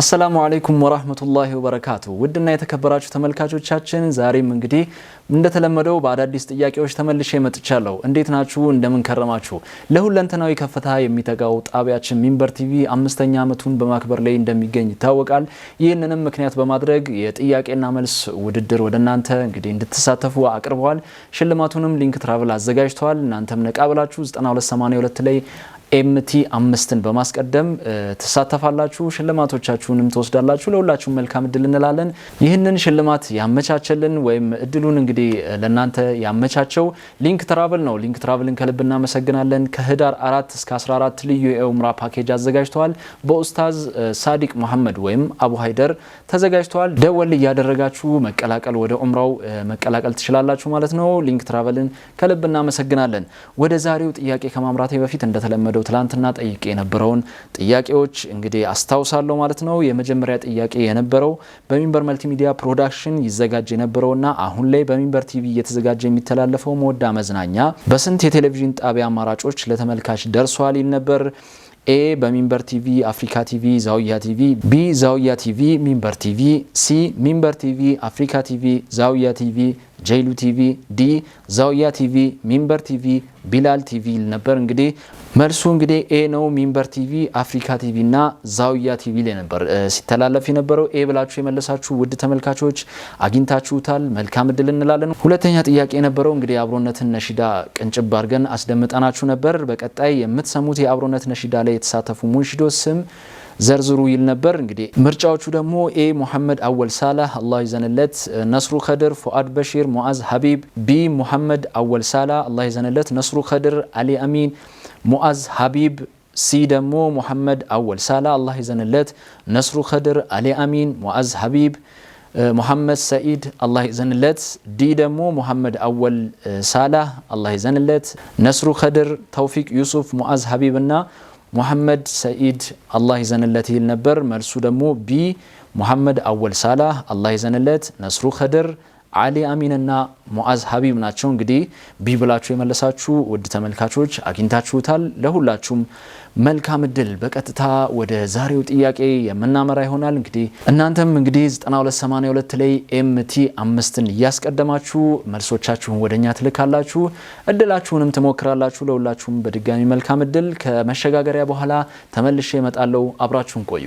አሰላሙ አለይኩም ወራህመቱላሂ ወበረካቱ። ውድና የተከበራችሁ ተመልካቾቻችን ዛሬም እንግዲህ እንደተለመደው በአዳዲስ ጥያቄዎች ተመልሼ መጥቻለሁ። እንዴት ናችሁ? እንደምን ከረማችሁ? ለሁለንተናዊ ከፍታ የሚተጋው ጣቢያችን ሚንበር ቲቪ አምስተኛ ዓመቱን በማክበር ላይ እንደሚገኝ ይታወቃል። ይህንንም ምክንያት በማድረግ የጥያቄና መልስ ውድድር ወደ እናንተ እንግዲህ እንድትሳተፉ አቅርበዋል። ሽልማቱንም ሊንክ ትራቭል አዘጋጅተዋል። እናንተም ነቃ ብላችሁ 9282 ላይ ኤምቲ አምስትን በማስቀደም ትሳተፋላችሁ፣ ሽልማቶቻችሁንም ትወስዳላችሁ። ለሁላችሁም መልካም እድል እንላለን። ይህንን ሽልማት ያመቻቸልን ወይም እድሉን እንግዲህ ለእናንተ ያመቻቸው ሊንክ ትራቭል ነው። ሊንክ ትራቭልን ከልብ እናመሰግናለን። ከህዳር 4 እስከ 14 ልዩ የኡምራ ፓኬጅ አዘጋጅተዋል። በኡስታዝ ሳዲቅ መሐመድ ወይም አቡ ሀይደር ተዘጋጅተዋል። ደወል እያደረጋችሁ መቀላቀል ወደ ኡምራው መቀላቀል ትችላላችሁ ማለት ነው። ሊንክ ትራቭልን ከልብ እናመሰግናለን። ወደ ዛሬው ጥያቄ ከማምራቴ በፊት እንደተለመደ እንደተለመደው ትላንትና ጠይቄ የነበረውን ጥያቄዎች እንግዲህ አስታውሳለሁ ማለት ነው። የመጀመሪያ ጥያቄ የነበረው በሚንበር መልቲሚዲያ ፕሮዳክሽን ይዘጋጅ የነበረውና አሁን ላይ በሚንበር ቲቪ እየተዘጋጀ የሚተላለፈው መወዳ መዝናኛ በስንት የቴሌቪዥን ጣቢያ አማራጮች ለተመልካች ደርሷል ይል ነበር። ኤ በሚንበር ቲቪ፣ አፍሪካ ቲቪ፣ ዛውያ ቲቪ፣ ቢ ዛውያ ቲቪ፣ ሚንበር ቲቪ፣ ሲ ሚንበር ቲቪ፣ አፍሪካ ቲቪ፣ ዛውያ ቲቪ ጄይሉ ቲቪ፣ ዲ ዛውያ ቲቪ፣ ሚንበር ቲቪ፣ ቢላል ቲቪ ይል ነበር። እንግዲህ መልሱ እንግዲህ ኤ ነው። ሚንበር ቲቪ፣ አፍሪካ ቲቪ እና ዛውያ ቲቪ ላይ ነበር ሲተላለፍ የነበረው። ኤ ብላችሁ የመለሳችሁ ውድ ተመልካቾች አግኝታችሁታል። መልካም እድል እንላለን። ሁለተኛ ጥያቄ የነበረው እንግዲህ አብሮነትን ነሺዳ ቅንጭብ አድርገን አስደምጠናችሁ ነበር። በቀጣይ የምትሰሙት የአብሮነት ነሺዳ ላይ የተሳተፉ ሙንሽዶ ስም ዘርዝሩ ይል ነበር። እንግዲህ ምርጫዎቹ ደግሞ ኤ ሙሐመድ አወል ሳላህ አላህ ይዘንለት፣ ነስሩ ከድር፣ ፉአድ በሺር፣ ሙዓዝ ሀቢብ፣ ቢ ሙሐመድ አወል ሳላህ አላህ ይዘንለት፣ ነስሩ ከድር፣ አሊ አሚን፣ ሙዓዝ ሀቢብ፣ ሲ ደግሞ ሙሐመድ አወል ሳላህ አላህ ይዘንለት፣ ነስሩ ከድር፣ አሊ አሚን፣ ሙዓዝ ሀቢብ ሙሐመድ ሰኢድ አላህ ይዘንለት። ዲ ደግሞ ሙሐመድ አወል ሳላህ አላህ ይዘንለት፣ ነስሩ ከድር፣ ተውፊቅ ዩሱፍ፣ ሙዓዝ ሀቢብ ና ሙሐመድ ሰኢድ አላህ ይዘንለት ይል ነበር። መልሱ ደግሞ ቢ ሙሐመድ አወል ሳላህ አላህ ይዘንለት፣ ነስሩ ከድር አሊ አሚንና ሙአዝ ሀቢብ ናቸው። እንግዲህ ቢ ብላችሁ የመለሳችሁ ውድ ተመልካቾች አግኝታችሁታል። ለሁላችሁም መልካም እድል። በቀጥታ ወደ ዛሬው ጥያቄ የምናመራ ይሆናል። እንግዲህ እናንተም እንግዲህ 9282 ላይ ኤምቲ አምስትን እያስቀደማችሁ መልሶቻችሁን ወደ እኛ ትልካላችሁ፣ እድላችሁንም ትሞክራላችሁ። ለሁላችሁም በድጋሚ መልካም እድል። ከመሸጋገሪያ በኋላ ተመልሼ እመጣለሁ። አብራችሁን ቆዩ።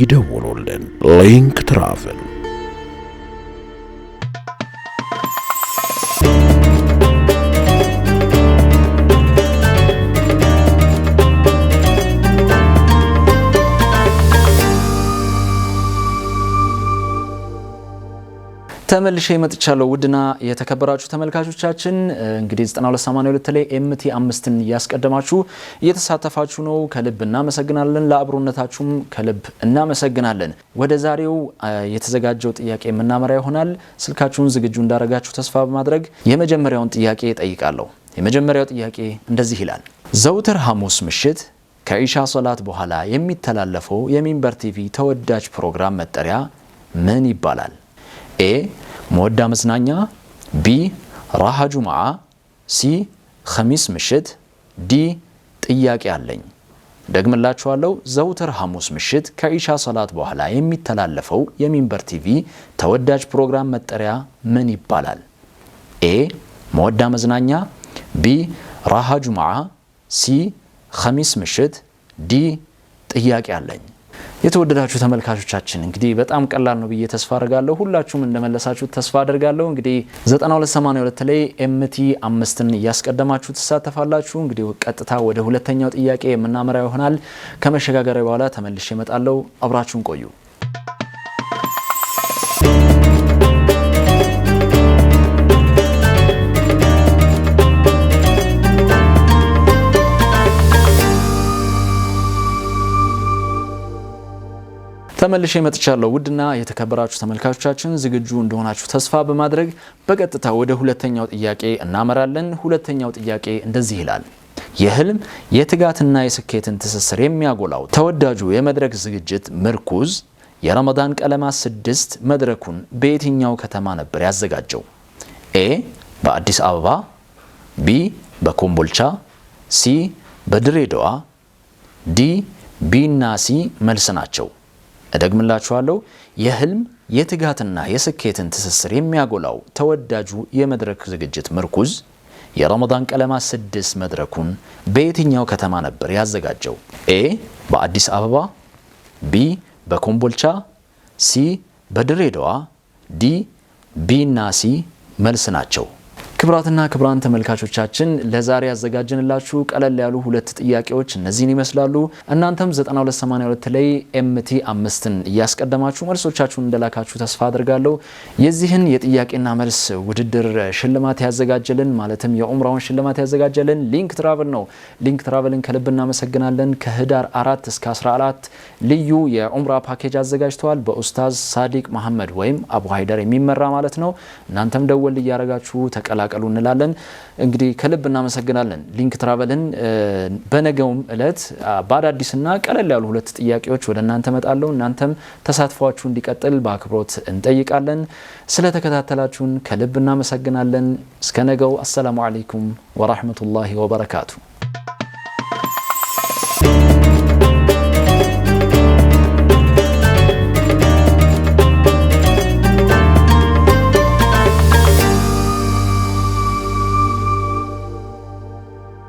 ይደውሉልን። ሊንክ ትራቭል ተመልሼ መጥቻለሁ። ውድና የተከበራችሁ ተመልካቾቻችን እንግዲህ 9282 ላይ ኤምቲ አምስትን እያስቀደማችሁ እየተሳተፋችሁ ነው። ከልብ እናመሰግናለን። ለአብሮነታችሁም ከልብ እናመሰግናለን። ወደ ዛሬው የተዘጋጀው ጥያቄ የምናመራ ይሆናል። ስልካችሁን ዝግጁ እንዳደረጋችሁ ተስፋ በማድረግ የመጀመሪያውን ጥያቄ ጠይቃለሁ። የመጀመሪያው ጥያቄ እንደዚህ ይላል። ዘውትር ሐሙስ ምሽት ከኢሻ ሶላት በኋላ የሚተላለፈው የሚንበር ቲቪ ተወዳጅ ፕሮግራም መጠሪያ ምን ይባላል? ኤ መወዳ መዝናኛ፣ ቢ ራሃ ጁምዓ፣ ሲ ኸሚስ ምሽት፣ ዲ ጥያቄ አለኝ። ደግምላችኋለሁ። ዘውትር ሐሙስ ምሽት ከኢሻ ሰላት በኋላ የሚተላለፈው የሚንበር ቲቪ ተወዳጅ ፕሮግራም መጠሪያ ምን ይባላል? ኤ መወዳ መዝናኛ፣ ቢ ራሃ ጁምዓ፣ ሲ ኸሚስ ምሽት፣ ዲ ጥያቄ አለኝ። የተወደዳችሁ ተመልካቾቻችን እንግዲህ በጣም ቀላል ነው ብዬ ተስፋ አድርጋለሁ። ሁላችሁም እንደመለሳችሁ ተስፋ አድርጋለሁ። እንግዲህ 9282 ላይ ኤምቲ አምስትን እያስቀደማችሁ ትሳተፋላችሁ። እንግዲህ ቀጥታ ወደ ሁለተኛው ጥያቄ የምናመራ ይሆናል። ከመሸጋገሪያ በኋላ ተመልሼ እመጣለሁ። አብራችሁን ቆዩ። ተመልሼ መጥቻለሁ። ውድና የተከበራችሁ ተመልካቾቻችን ዝግጁ እንደሆናችሁ ተስፋ በማድረግ በቀጥታ ወደ ሁለተኛው ጥያቄ እናመራለን። ሁለተኛው ጥያቄ እንደዚህ ይላል። የህልም የትጋትና የስኬትን ትስስር የሚያጎላው ተወዳጁ የመድረክ ዝግጅት ምርኩዝ የረመዳን ቀለማት ስድስት መድረኩን በየትኛው ከተማ ነበር ያዘጋጀው? ኤ በአዲስ አበባ፣ ቢ በኮምቦልቻ፣ ሲ በድሬዳዋ፣ ዲ ቢና ሲ መልስ ናቸው። እደግምላችኋለሁ የህልም የትጋትና የስኬትን ትስስር የሚያጎላው ተወዳጁ የመድረክ ዝግጅት ምርኩዝ የረመዳን ቀለማት ስድስት መድረኩን በየትኛው ከተማ ነበር ያዘጋጀው? ኤ በአዲስ አበባ፣ ቢ በኮምቦልቻ፣ ሲ በድሬዳዋ፣ ዲ ቢ እና ሲ መልስ ናቸው። ክብራትና ክብራን ተመልካቾቻችን ለዛሬ ያዘጋጀንላችሁ ቀለል ያሉ ሁለት ጥያቄዎች እነዚህን ይመስላሉ። እናንተም 9282 ላይ ኤምቲ አምስትን እያስቀደማችሁ መልሶቻችሁን እንደላካችሁ ተስፋ አድርጋለሁ። የዚህን የጥያቄና መልስ ውድድር ሽልማት ያዘጋጀልን ማለትም የኡምራውን ሽልማት ያዘጋጀልን ሊንክ ትራቭል ነው። ሊንክ ትራቭልን ከልብ እናመሰግናለን። ከህዳር 4 እስከ 14 ልዩ የኡምራ ፓኬጅ አዘጋጅተዋል። በኡስታዝ ሳዲቅ መሐመድ ወይም አቡ ሀይደር የሚመራ ማለት ነው። እናንተም ደወል እያረጋችሁ ተቀላ ተቀላቀሉ እንላለን። እንግዲህ ከልብ እናመሰግናለን ሊንክ ትራቨልን። በነገውም እለት በአዳዲስና ቀለል ያሉ ሁለት ጥያቄዎች ወደ እናንተ መጣለው እናንተም ተሳትፏችሁ እንዲቀጥል በአክብሮት እንጠይቃለን። ስለተከታተላችሁን ከልብ እናመሰግናለን። እስከ ነገው አሰላሙ አለይኩም ወራህመቱላሂ ወበረካቱ።